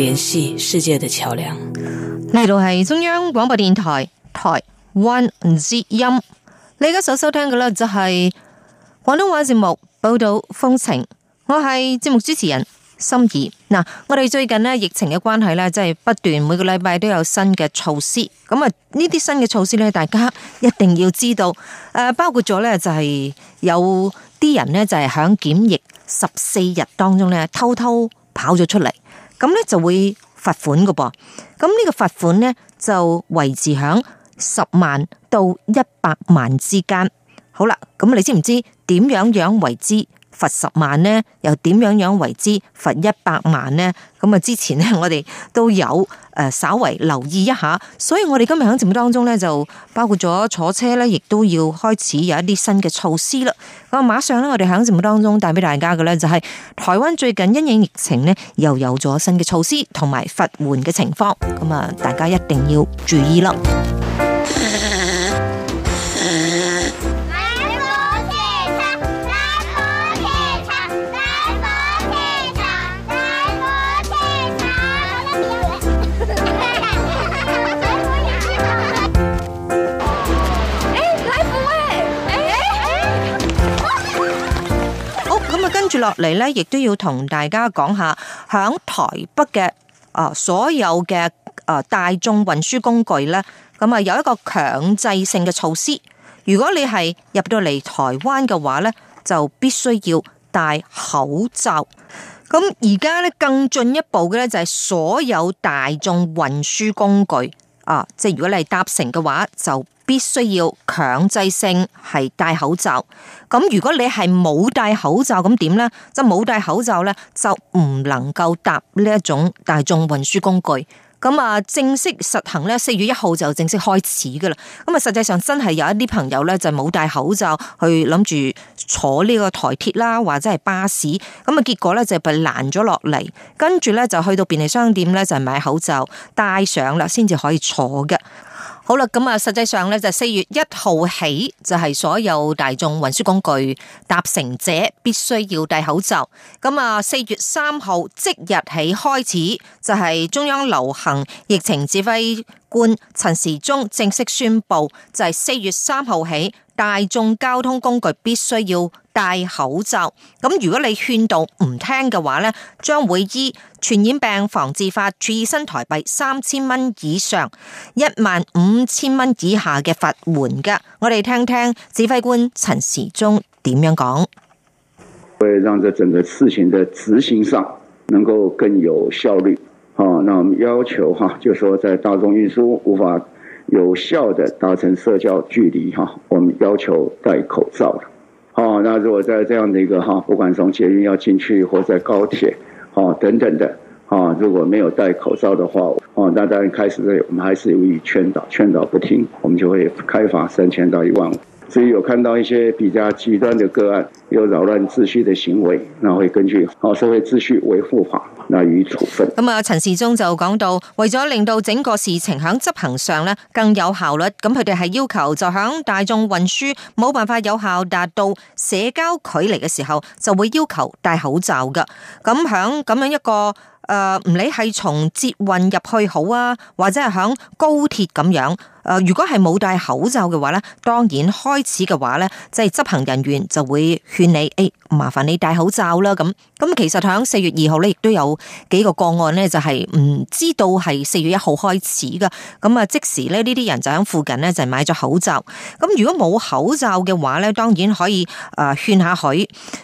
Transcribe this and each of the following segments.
聯繫世界的橋樑，呢度，係中央廣播電台台灣之音，um，你而家所收聽嘅呢就係廣東話節目《報道風情》，我係節目主持人心儀。嗱，我哋最近呢疫情嘅關係呢，即係不斷每個禮拜都有新嘅措施，咁啊呢啲新嘅措施呢，大家一定要知道。誒，包括咗呢，就係有啲人呢，就係響檢疫十四日當中呢，偷偷跑咗出嚟。咁咧就會罰款嘅噃，咁呢個罰款咧就維持響十萬到一百萬之間。好啦，咁你知唔知點樣樣為之罰十萬咧？又點樣樣為之罰一百萬咧？咁啊，之前咧我哋都有誒稍微留意一下，所以我哋今日響節目當中咧就包括咗坐車咧，亦都要開始有一啲新嘅措施啦。咁啊，馬上咧，我哋喺節目當中帶俾大家嘅呢，就係台灣最近因應疫情呢，又有咗新嘅措施同埋罰鍰嘅情況，咁啊，大家一定要注意啦。接落嚟咧，亦都要同大家講下，響台北嘅啊所有嘅啊大眾運輸工具咧，咁啊有一個強制性嘅措施。如果你係入到嚟台灣嘅話咧，就必須要戴口罩。咁而家咧更進一步嘅咧就係所有大眾運輸工具。啊，即係如果你係搭乘嘅話，就必須要強制性係戴口罩。咁如果你係冇戴口罩咁點呢？就冇戴口罩呢，就唔能夠搭呢一種大眾運輸工具。咁啊，正式實行咧，四月一號就正式開始噶啦。咁啊，實際上真係有一啲朋友咧，就冇戴口罩去諗住坐呢個台鐵啦，或者係巴士。咁啊，結果咧就被攔咗落嚟，跟住咧就去到便利商店咧就係買口罩戴上啦，先至可以坐嘅。好啦，咁啊，實際上咧就四月一號起就係所有大眾運輸工具搭乘者必須要戴口罩。咁啊，四月三號即日起開始就係、是、中央流行疫情指揮。官陳時中正式宣布，就係四月三號起，大眾交通工具必須要戴口罩。咁如果你勸導唔聽嘅話咧，將會依傳染病防治法處以新台幣三千蚊以上、一萬五千蚊以下嘅罰鍰噶。我哋聽聽指揮官陳時中點樣講。會讓這整個事情的執行上能夠更有效率。哦，那我們要求哈，就說在大眾運輸無法有效的達成社交距離哈，我們要求戴口罩。哦，那如果在這樣的一個哈，不管從捷運要進去，或在高鐵，哦等等的，啊，如果沒有戴口罩的話，哦，那當然開始我們還是予以勸導，勸導不聽，我們就會開罰三千到一萬五。所以有看到一些比較極端的個案，有擾亂秩序的行為，那會根據好社會秩序維護法》那予以處分。咁啊，陳時中就講到，為咗令到整個事情響執行上咧更有效率，咁佢哋係要求就響大眾運輸冇辦法有效達到社交距離嘅時候，就會要求戴口罩噶。咁喺咁樣一個。誒，唔理係從捷運入去好啊，或者係喺高鐵咁樣，誒、呃，如果係冇戴口罩嘅話咧，當然開始嘅話咧，即係執行人員就會勸你，誒、哎，麻煩你戴口罩啦。咁、嗯、咁其實喺四月二號咧，亦都有幾個個案咧，就係、是、唔知道係四月一號開始噶。咁、嗯、啊，即時咧呢啲人就喺附近咧就是、買咗口罩。咁、嗯、如果冇口罩嘅話咧，當然可以誒勸、呃、下佢。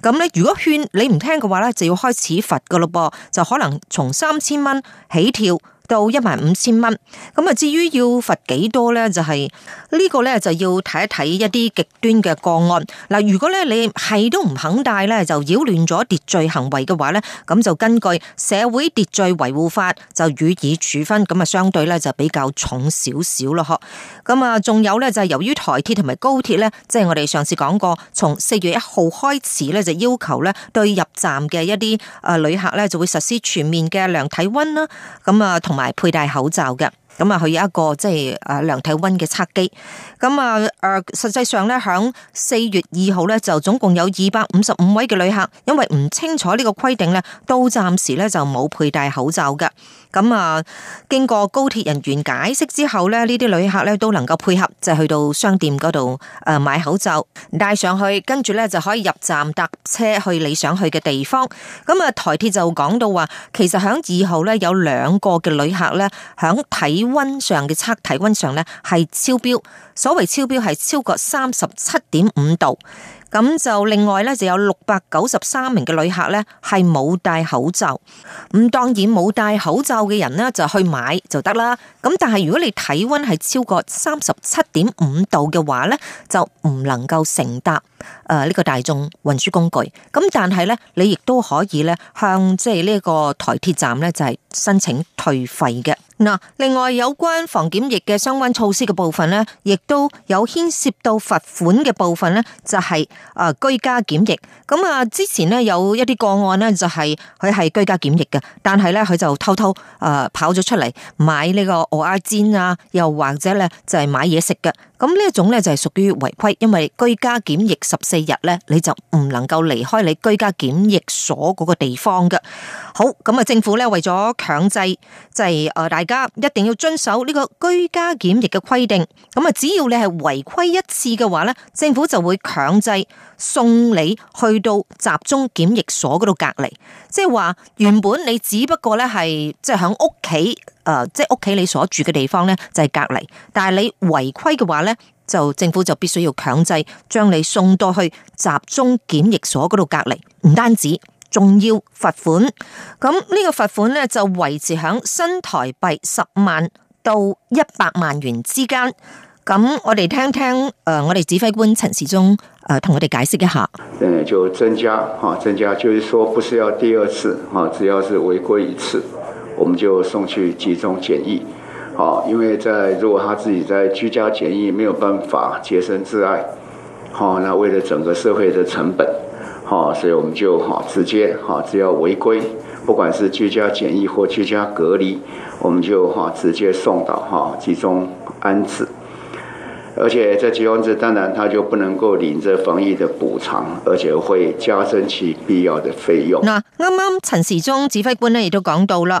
咁、嗯、咧，如果勸你唔聽嘅話咧，就要開始罰噶咯噃，就可能。從三千蚊起跳，1> 到一萬五千蚊咁啊！至於要罰幾多呢？就係呢個呢，就要睇一睇一啲極端嘅個案嗱。如果咧你係都唔肯帶呢，就擾亂咗秩序行為嘅話呢，咁就根據社會秩序維護法就予以處分。咁啊，相對呢，就比較重少少咯，呵。咁啊，仲有呢，就係由於台鐵同埋高鐵呢，即係我哋上次講過，從四月一號開始呢，就要求呢對入站嘅一啲啊旅客呢，就會實施全面嘅量體温啦。咁啊，同埋。同埋佩戴口罩嘅。咁啊，佢有一個即係誒量體溫嘅測機。咁啊誒，實際上咧，響四月二號咧，就總共有二百五十五位嘅旅客，因為唔清楚呢個規定咧，都暫時咧就冇佩戴口罩嘅。咁啊，經過高鐵人員解釋之後咧，呢啲旅客咧都能夠配合，就是、去到商店嗰度誒買口罩戴上去，跟住咧就可以入站搭車去你想去嘅地方。咁啊，台鐵就講到話，其實響二號咧有兩個嘅旅客咧響體體溫上嘅測體溫上呢係超標，所謂超標係超過三十七點五度，咁就另外呢，就有六百九十三名嘅旅客呢係冇戴口罩，咁當然冇戴口罩嘅人呢就去買就得啦，咁但係如果你體溫係超過三十七點五度嘅話呢，就唔能夠乘搭。誒，呢個大眾運輸工具，咁但係咧，你亦都可以咧向即係呢個台鐵站咧，就係申請退費嘅。嗱，另外有關防檢疫嘅相關措施嘅部分咧，亦都有牽涉到罰款嘅部分咧，就係誒居家檢疫。咁啊，之前咧有一啲個案咧，就係佢係居家檢疫嘅，但係咧佢就偷偷誒跑咗出嚟買呢個蚵仔煎啊，又或者咧就係買嘢食嘅。咁呢一種咧就係屬於違規，因為居家檢疫十四日咧你就唔能夠離開你居家檢疫所嗰個地方嘅。好，咁啊政府咧為咗強制，就係誒大家一定要遵守呢個居家檢疫嘅規定。咁啊只要你係違規一次嘅話咧，政府就會強制送你去到集中檢疫所嗰度隔離。即係話原本你只不過咧係即係響屋企。誒，即係屋企你所住嘅地方呢，就係隔離。但係你違規嘅話呢，就政府就必須要強制將你送到去集中檢疫所嗰度隔離。唔單止，仲要罰款。咁呢個罰款呢，就維持響新台幣十萬到一百萬元之間。咁我哋聽聽誒，我哋指揮官陳時中誒，同我哋解釋一下。就增加啊，增加，就是說不是要第二次啊，只要是違規一次。我們就送去集中檢疫，好，因為在如果他自己在居家檢疫沒有辦法潔身自愛，好，那為了整個社會的成本，好，所以我們就好直接，只要違規，不管是居家檢疫或居家隔離，我們就好直接送到哈集中安置，而且在集中安置，當然他就不能夠領着防疫的補償，而且會加徵其必要的費用。那剛剛陳時中指揮官呢，也都講到了。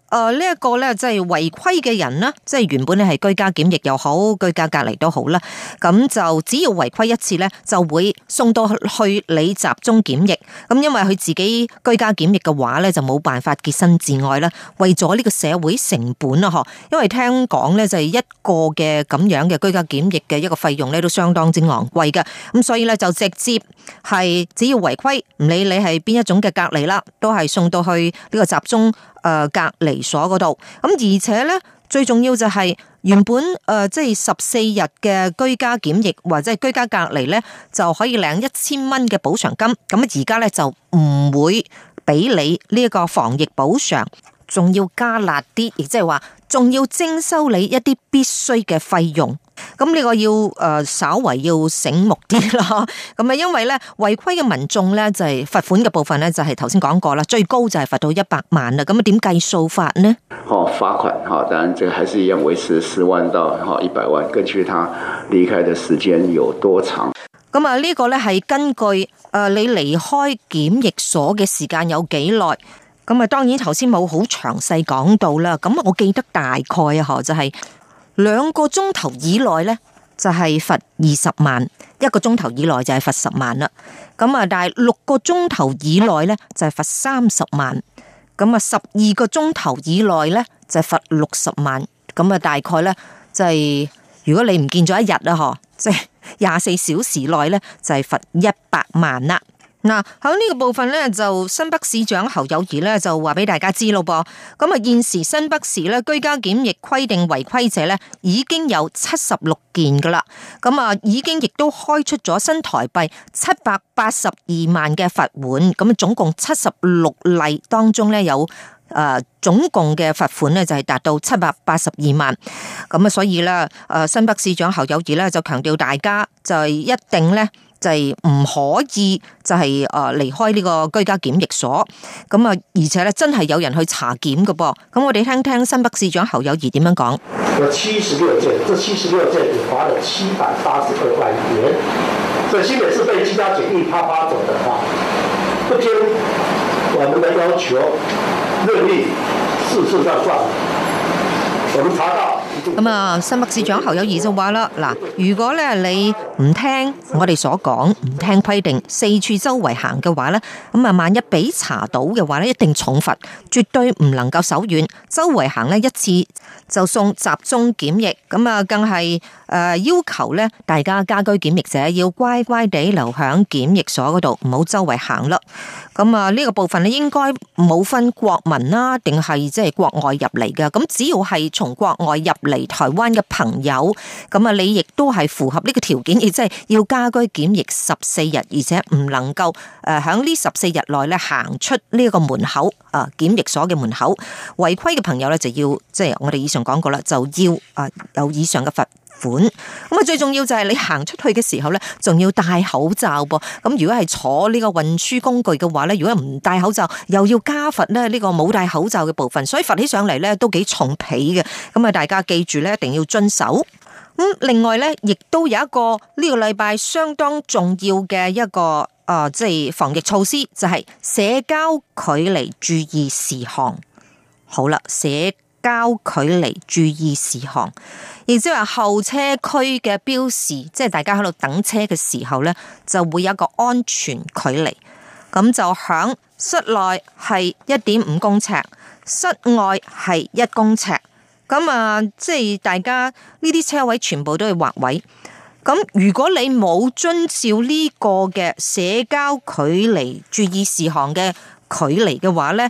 誒，呢一、呃這個咧，即係違規嘅人啦。即係原本咧係居家檢疫又好，居家隔離都好啦。咁就只要違規一次呢，就會送到去你集中檢疫。咁因為佢自己居家檢疫嘅話呢，就冇辦法潔身自愛啦。為咗呢個社會成本啊，嗬，因為聽講呢，就係一個嘅咁樣嘅居家檢疫嘅一個費用呢，都相當之昂貴嘅。咁所以呢，就直接係只要違規，唔理你係邊一種嘅隔離啦，都係送到去呢個集中誒隔離。所度，咁而且咧，最重要就係原本誒，即係十四日嘅居家檢疫或者係居家隔離咧，就可以領一千蚊嘅補償金。咁而家咧就唔會俾你呢一個防疫補償。仲要加辣啲，亦即係話仲要徵收你一啲必須嘅費用。咁呢個要誒、呃、稍為要醒目啲囉。咁啊，因為咧違規嘅民眾咧就係、是、罰款嘅部分咧就係頭先講過啦，最高就係罰到一百萬啦。咁啊，點計數法呢？哦，罰款，哈，當然，這個還是一樣維持十萬到一百萬，根據他離開嘅時間有多長。咁啊，呢個咧係根據誒、呃、你離開檢疫所嘅時間有幾耐。咁啊，當然頭先冇好詳細講到啦。咁我記得大概啊，嗬，就係兩個鐘頭以內咧，就係罰二十萬；一個鐘頭以內就係罰十萬啦。咁啊，但係六個鐘頭以內咧，就係罰三十萬。咁啊，十二個鐘頭以內咧，就係罰六十萬。咁啊，大概咧，就是，就係如果你唔見咗一日啦，嗬，即係廿四小時內咧，就係罰一百萬啦。嗱，喺呢個部分咧，就新北市長侯友宜咧就話俾大家知咯噃。咁啊，現時新北市咧，居家檢疫規定違規者咧已經有七十六件噶啦。咁啊，已經亦都開出咗新台幣七百八十二萬嘅罰款。咁啊，總共七十六例當中咧，有誒，總共嘅罰款咧就係達到七百八十二萬。咁啊，所以咧，誒，新北市長侯友宜咧就強調大家就係一定咧。就係唔可以就係誒離開呢個居家檢疫所，咁啊而且咧真係有人去查檢嘅噃，咁我哋聽聽新北市長侯友宜點樣講。有七十六件，這七十六件罰了七百八十二萬元，所以些也是被居家檢疫他罰走的啊！不聽我們的要求，任意四處亂撞，我們查到。咁啊，新北市長侯友宜就話啦，嗱，如果咧你唔聽我哋所講，唔聽規定，四處周圍行嘅話咧，咁啊萬一俾查到嘅話咧，一定重罰，絕對唔能夠手軟。周圍行咧一次就送集中檢疫，咁啊更係誒要求咧大家家居檢疫者要乖乖地留喺檢疫所嗰度，唔好周圍行咯。咁啊呢個部分咧應該冇分國民啦，定係即係國外入嚟嘅，咁只要係從國外入。嚟台灣嘅朋友，咁啊，你亦都係符合呢個條件，亦即係要家居檢疫十四日，而且唔能夠誒喺呢十四日內咧行出呢一個門口啊檢疫所嘅門口，違規嘅朋友咧就要即係、就是、我哋以上講過啦，就要啊有以上嘅罰。款，咁啊，最重要就係你行出去嘅時候咧，仲要戴口罩噃。咁如果係坐呢個運輸工具嘅話咧，如果唔戴口罩，又要加罰咧呢個冇戴口罩嘅部分。所以罰起上嚟咧都幾重被重皮嘅。咁啊，大家記住咧，一定要遵守。咁另外咧，亦都有一個呢個禮拜相當重要嘅一個啊，即係防疫措施，就係社交距離注意事項。好啦，社。交距離注意事項，亦即係話候車區嘅標示，即係大家喺度等車嘅時候呢，就會有一個安全距離。咁就響室內係一點五公尺，室外係一公尺。咁啊，即係大家呢啲車位全部都係劃位。咁如果你冇遵照呢個嘅社交距離注意事項嘅距離嘅話呢，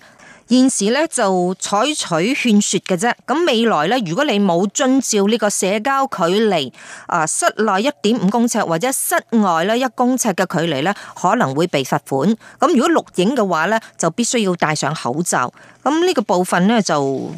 現時咧就採取勸說嘅啫，咁未來咧如果你冇遵照呢個社交距離，啊室內一點五公尺或者室外咧一公尺嘅距離咧，可能會被罰款。咁如果錄影嘅話咧，就必須要戴上口罩。咁呢個部分咧就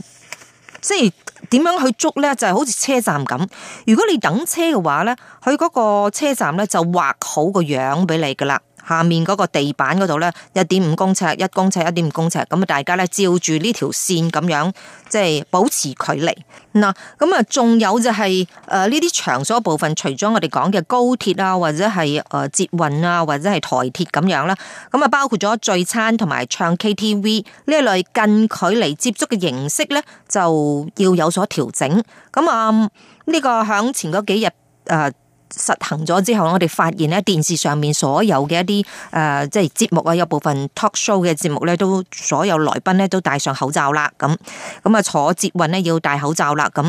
即係點樣去捉咧，就係、是、好似車站咁。如果你等車嘅話咧，去嗰個車站咧就畫好個樣俾你噶啦。下面嗰個地板嗰度呢，一點五公尺、一公尺、一點五公尺，咁啊，大家呢，照住呢條線咁樣，即係保持距離嗱。咁啊，仲有就係誒呢啲場所部分，除咗我哋講嘅高鐵啊，或者係誒捷運啊，或者係台鐵咁樣啦，咁啊，包括咗聚餐同埋唱 KTV 呢類近距離接觸嘅形式呢，就要有所調整。咁啊，呢個向前嗰幾日誒。呃實行咗之後，我哋發現咧電視上面所有嘅一啲誒、呃，即係節目啊，有部分 talk show 嘅節目咧，都所有來賓咧都戴上口罩啦。咁咁啊，坐捷運咧要戴口罩啦。咁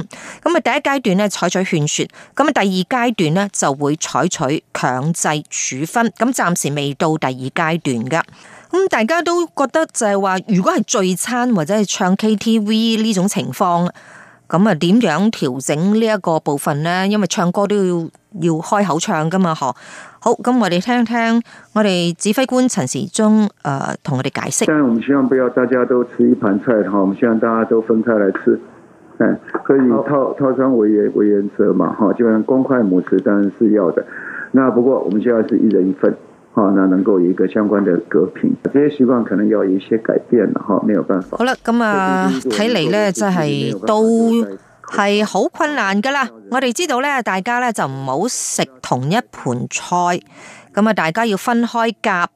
咁啊，第一階段咧採取勸說，咁啊，第二階段咧就會採取強制處分。咁暫時未到第二階段噶。咁大家都覺得就係話，如果係聚餐或者係唱 KTV 呢種情況，咁啊點樣調整呢一個部分呢，因為唱歌都要。要開口唱噶嘛？嗬，好，咁我哋聽聽我哋指揮官陳時中誒，同我哋解釋。當然，我們希望不要大家都吃一盤菜，哈，我們希望大家都分開來吃，可以套套餐為原為原則嘛，哈，基本上公筷母匙當然是要的，那不過我們現在是一人一份，哈，那能夠有一個相關的隔屏，這些習慣可能要有一些改變了，哈，沒有辦法。好啦，咁啊，睇嚟呢真係都。係好困難噶啦，我哋知道咧，大家咧就唔好食同一盤菜，咁啊，大家要分開夾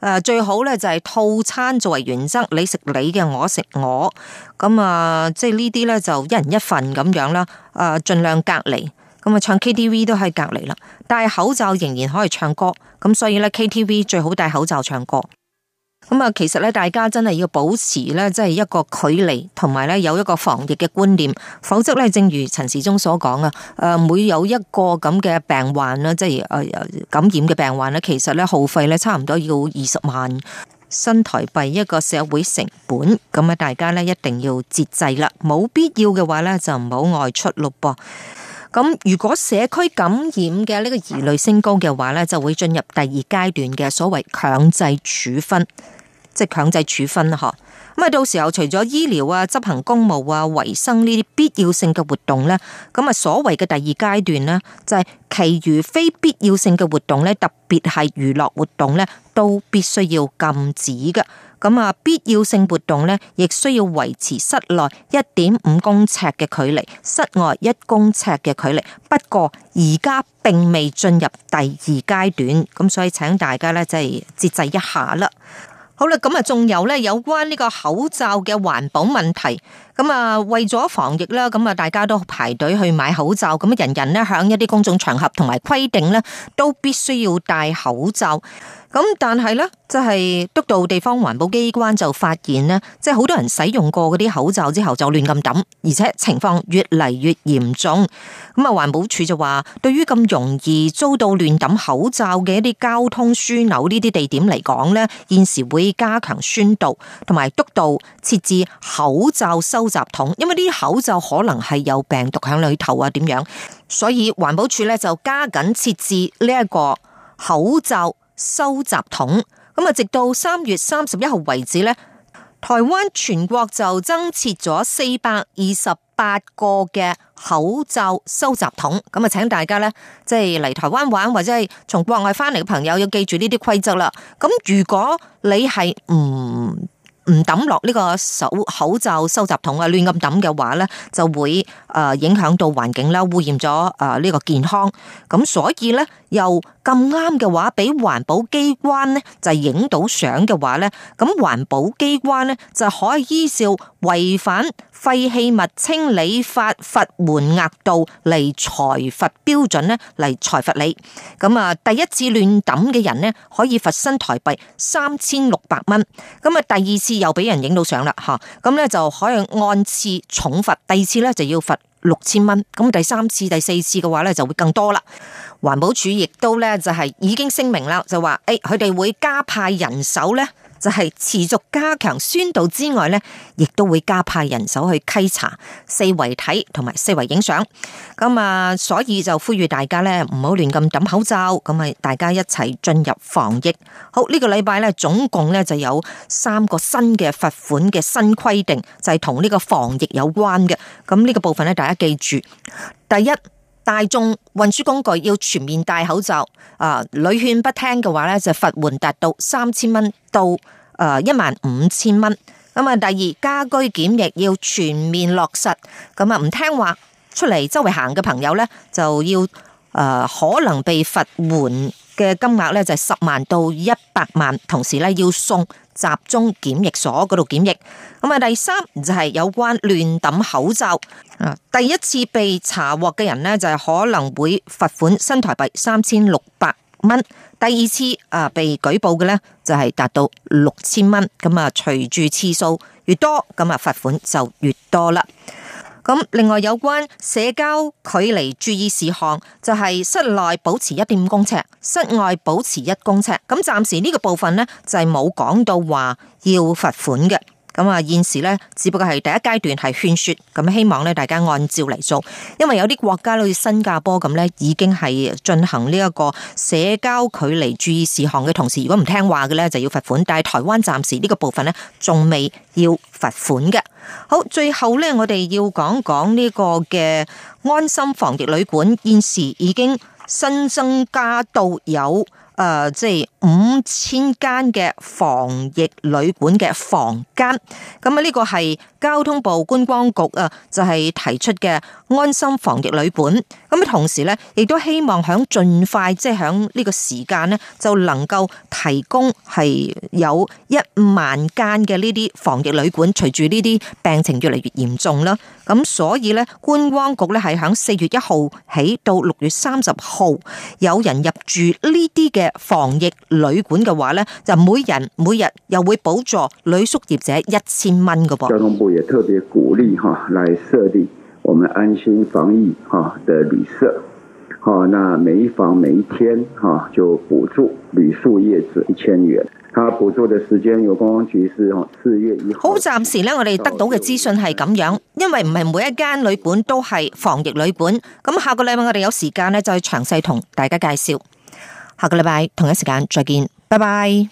誒，最好咧就係套餐作為原則，你食你嘅，我食我咁啊，即係呢啲咧就一人一份咁樣啦，誒，盡量隔離咁啊，唱 KTV 都係隔離啦，戴口罩仍然可以唱歌，咁所以咧 KTV 最好戴口罩唱歌。咁啊，其實咧，大家真係要保持咧，即係一個距離，同埋咧有一個防疫嘅觀念，否則咧，正如陳時中所講啊，誒，每有一個咁嘅病患啦，即係誒感染嘅病患咧，其實咧耗費咧差唔多要二十萬新台幣一個社會成本，咁啊，大家咧一定要節制啦，冇必要嘅話咧就唔好外出咯噃。咁如果社區感染嘅呢個疑慮升高嘅話呢，就會進入第二階段嘅所謂強制處分，即係強制處分咁啊，到時候除咗醫療啊、執行公務啊、衛生呢啲必要性嘅活動呢咁啊，所謂嘅第二階段呢，就係其餘非必要性嘅活動呢，特別係娛樂活動呢，都必須要禁止嘅。咁啊，必要性活動咧，亦需要維持室內一點五公尺嘅距離，室外一公尺嘅距離。不過而家並未進入第二階段，咁所以請大家咧就係節制一下啦。好啦，咁啊，仲有咧有關呢個口罩嘅環保問題。咁啊，為咗防疫啦，咁啊，大家都排隊去買口罩，咁啊，人人咧響一啲公眾場合同埋規定咧，都必須要戴口罩。咁但係咧，即係督導地方環保機關就發現咧，即係好多人使用過啲口罩之後就亂咁抌，而且情況越嚟越嚴重。咁啊，環保署就話，對於咁容易遭到亂抌口罩嘅一啲交通樞紐呢啲地點嚟講咧，現時會加強宣導同埋督導設置口罩收集桶，因為啲口罩可能係有病毒喺裏頭啊，點樣？所以環保署咧就加緊設置呢一個口罩收集桶。咁啊，直到三月三十一號為止呢，台灣全國就增設咗四百二十八個嘅口罩收集桶。咁啊，請大家呢，即係嚟台灣玩或者係從國外翻嚟嘅朋友，要記住呢啲規則啦。咁如果你係唔、嗯唔抌落呢個手口罩收集桶啊，亂咁抌嘅話呢就會誒影響到環境啦，污染咗誒呢個健康。咁所以呢，又咁啱嘅話，俾環保機關呢就影到相嘅話呢，咁環保機關呢就可以依照違反，廢棄物清理法罰鍰額度嚟裁罰標準咧嚟裁罰你。咁啊第一次亂抌嘅人呢，可以罰新台幣三千六百蚊，咁啊第二次又俾人影到相啦，吓，咁咧就可以按次重罰，第二次咧就要罰六千蚊，咁第三次第四次嘅話咧就會更多啦。環保署亦都咧就係已經聲明啦，就話誒佢哋會加派人手咧。就係持續加強宣導之外呢，亦都會加派人手去稽查四維睇同埋四維影相。咁啊，所以就呼籲大家呢唔好亂咁抌口罩。咁啊，大家一齊進入防疫。好，呢個禮拜呢，總共呢就有三個新嘅罰款嘅新規定，就係同呢個防疫有關嘅。咁呢個部分呢，大家記住，第一。大眾運輸工具要全面戴口罩，啊、呃，屢勸不聽嘅話咧，就罰鍰達到三千蚊到誒一萬五千蚊。咁啊，第二，家居檢疫要全面落實，咁啊唔聽話出嚟周圍行嘅朋友咧，就要誒、呃、可能被罰鍰嘅金額咧就係、是、十萬到一百萬，同時咧要送。集中檢疫所嗰度檢疫，咁啊第三就係有關亂抌口罩啊，第一次被查獲嘅人呢，就係可能會罰款新台幣三千六百蚊，第二次啊被舉報嘅呢，就係達到六千蚊，咁啊隨住次數越多，咁啊罰款就越多啦。咁另外有關社交距離注意事項，就係室內保持一點五公尺，室外保持一公尺。咁暫時呢個部分呢，就係冇講到話要罰款嘅。咁啊！現時咧，只不過係第一階段係勸說，咁希望咧大家按照嚟做，因為有啲國家好似新加坡咁咧，已經係進行呢一個社交距離注意事項嘅同時，如果唔聽話嘅咧，就要罰款。但係台灣暫時呢個部分咧，仲未要罰款嘅。好，最後咧，我哋要講講呢個嘅安心防疫旅館，現時已經新增加到有。誒，即係五千間嘅防疫旅館嘅房間，咁啊呢個係交通部觀光局啊，就係提出嘅安心防疫旅館。咁同時咧亦都希望響盡快，即係響呢個時間咧就能夠提供係有一萬間嘅呢啲防疫旅館，隨住呢啲病情越嚟越嚴重啦。咁所以呢，觀光局呢，係響四月一號起到六月三十號，有人入住呢啲嘅防疫旅館嘅話呢，就每人每日又會補助旅宿業者一千蚊嘅噃。交通部也特別鼓勵哈，來設立我們安心防疫哈的旅社，好，那每一房每一天哈就補助旅宿業者一千元。他補助的時間，由公安局是四月一號。好，暫時呢，我哋得到嘅資訊係噉樣，因為唔係每一間旅館都係防疫旅館。咁下個禮拜我哋有時間呢，就詳細同大家介紹。下個禮拜同一時間再見，拜拜。